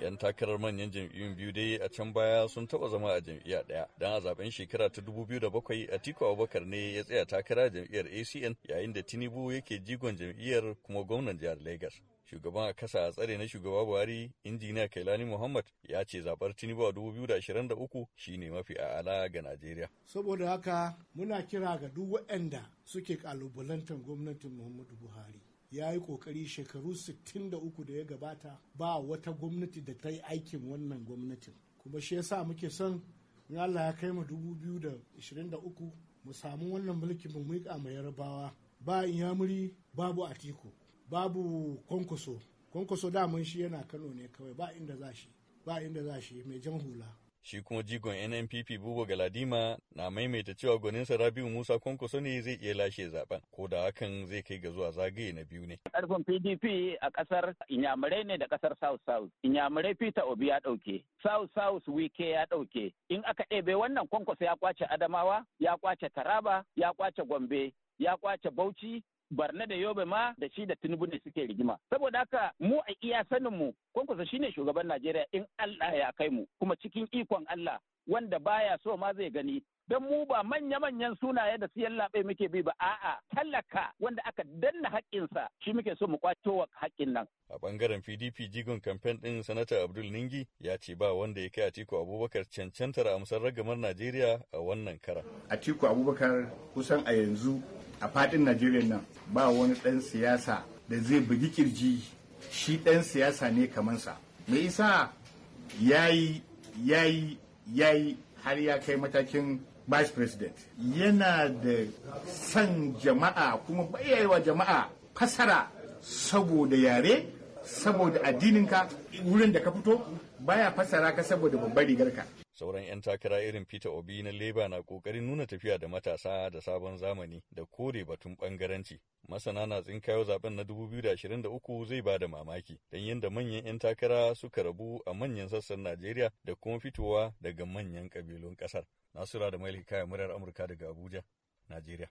'Yan takarar manyan jam'iyyun biyu dai a can baya sun taba zama a jam'iyya ɗaya. Don a zaben shekara ta 2007 Atiku Abubakar ne ya tsaya takara jam'iyyar ACN yayin da Tinubu yake jigon jam'iyyar kuma gwamnan jihar lagos Shugaban a kasa a tsare na shugaba Buhari, injiniya Kailani Muhammad ya ce zabar Tinubu a 2023 shine mafi a'ala ga Najeriya. Saboda haka muna kira ga duk waɗanda suke kalubalantar gwamnatin Muhammadu Buhari. ya yi kokari shekaru 63 da ya gabata ba wata gwamnati da ta yi aikin wannan gwamnatin kuma shi yasa muke son in Allah ya kai mu 2023 mu samu wannan mulkin mu miƙa mayar yarbawa ba in inyamuri babu atiku babu kwankwaso kwankwaso daman shi yana kano ne kawai ba inda za ba inda za shi mai jan hula Shi kuma jigon NNPP Buba Galadima na maimaita cewa gwaninsa Rabiu Musa Kwankwaso ne zai iya lashe zaben, ko da hakan zai kai ga zuwa zagaye na biyu ne. Karfin PDP a ƙasar Inyamurai ne da ƙasar South South. Inyamurai Peter Obi ya ɗauke, South South Wike ya ɗauke. In aka ɗebe wannan Kwankwaso ya kwace Adamawa, ya kwace Taraba, ya kwace Gombe, ya kwace Bauchi, barna da yobe ma da shi da tinubu ne suke rigima saboda haka mu a iya sanin mu kwankwasa shine shugaban najeriya in allah ya kai mu kuma cikin ikon allah wanda baya so ma zai gani don mu ba manya-manyan sunaye da siyan labe muke bi ba a'a talaka wanda aka danna haƙƙinsa shi muke so mu kwato wa haƙƙin nan. A ɓangaren PDP jigon kamfen ɗin Sanata Abdul Ningi ya ce ba wanda ya kai Atiku Abubakar cancantar amsar ragamar Najeriya a wannan kara. Atiku Abubakar kusan a yanzu a fadin najeriya nan ba wani dan siyasa da zai bugi kirji shi dan siyasa ne kamansa me isa yayi yayi yayi har ya kai matakin vice president yana da san jama'a kuma bayyawa jama'a fasara saboda yare saboda addininka wurin da ka fito baya fassara ka saboda babbar rigarka. Sauran 'yan takara irin Peter Obi na Leba na ƙoƙarin nuna tafiya da matasa da sabon zamani da kore batun ɓangaranci. Masana na tsinkayo zaben na 2023 zai ba da mamaki don yadda manyan 'yan takara suka rabu a manyan sassan Najeriya da kuma fitowa daga manyan ƙabilun ƙasar. Nasura da Mailika Murar Amurka daga Abuja. Nigeria.